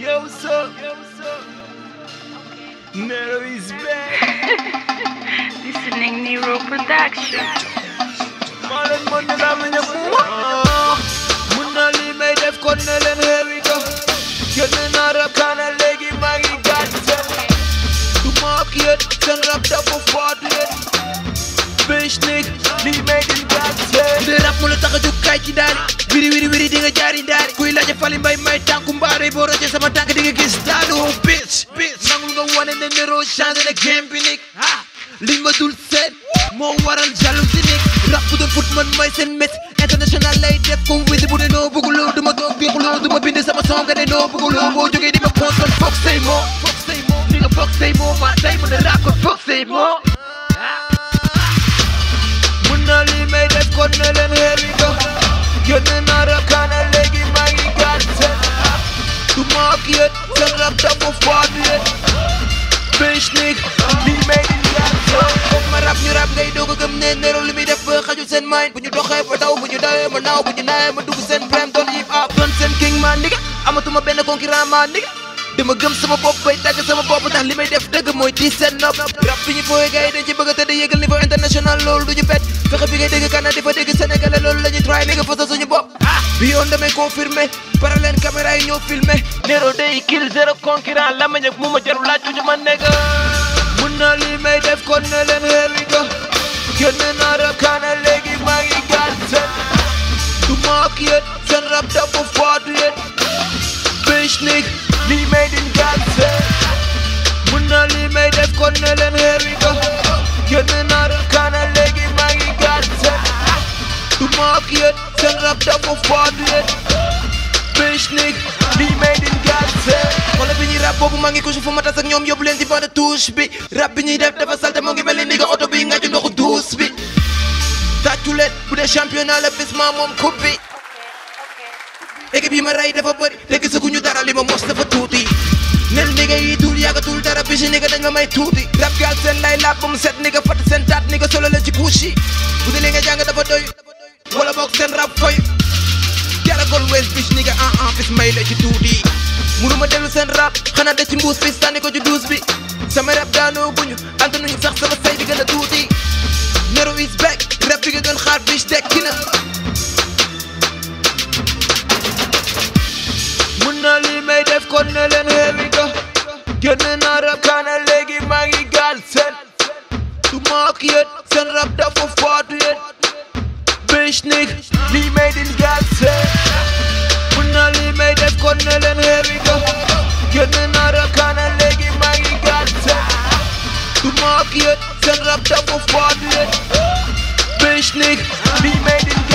Yo, what's up? Yo, what's up? Nero is back. Listening Nero Production. lii may di baax de rap moo la tax a jóg kaay wiri wiri wiri di nga jaari daari kuy laaj fali mbay may tànku mbaare sama tànk di nga gis bitch bitch nangul nga wane ne nero changé na game bi waral jalousie nik rap bu doon fut man international lay def ko wisi bu ne noo bëgguloo du sama son nga ne noo di ma contrôle foog say moo foog say moo ni nga foog say moo maa tey mën a rap ko say moo Cornelin Herido Yönünara kanale girmeyi dersen Dumak tarafta bu faaliyet Beşlik bilmeyin dersen Onlar rap ñu rap ngay dugg gëm ne nerul mi def xaju seen mind bu ñu doxee ba daw bu ñu dawee ma naaw bu ñu naawee ma dugg seen prem doon yip ah doon seen king man, nigga amatuma benn concurrent ma nigga dama gëm sama bopp bay tàgg sama pop ndax li may def dëgg mooy di seen nopp rap bi ñu fooyee gars yi dañ ci bëgg a tëdd yëgal niveau international loolu du ñu bet fexe bi ngay dégg kana di fa dégg sénégalais loolu la ñuy try ni nga fësal suñu bopp ah bi yoon damay confirmé caméra yi ñoo filmé Zero day kill zéro concurrent la ma ñëg mu ma jarul laaj ñu ma nekk mun naa li may def kon ne leen here we go génn naa rab kaana léegi maa ngi gaar seen du maak yéen seen rab dafa faat yéen bitch nig lii may din gaar seen mun naa li may def kon ne leen here we go génn naa Terrapter auf Bordlet Bist nicht die Made in Gaze Mala bi rap boobu maa ngi couche fu ma tas ak ñoom yóbbu leen ci bande touche bi Rap bi ñuy def dafa salte moo ngi mel ni ni nga oto bi nga ci ndoxu douce bi tàccu leen bu dee championnat la bis mom moom coupe bi équipe yi ma rey dafa bëri te dara li ma mos dafa tuuti nel nigga nga yi tuul yàggatul dara bi si ni nga dañ ma rap gaal seen lay laab ba set nigga nga fatt seen taat solo leen ci Budi lenga janga dee li nga wala bok sen rap koy yalla gol wes bitch nigga en bis may la ci tuuti munuma delu sen rap xana de ci mbous bi sànni ko ci 12 bi sama rap rab buñu guñu antanuñu sax sama say bi gëna tuti nero is back rap bi nga doon xaar bitch dekki na mun na li may def kon ne len xeewi ko génn na Musik, made in den ganzen. Und alle mehr das Kornelen Heriger. Können alle keine Lege, mein my Du magst jetzt, dann rappt auf Wadlet. Mich nicht, nie mehr den ganzen.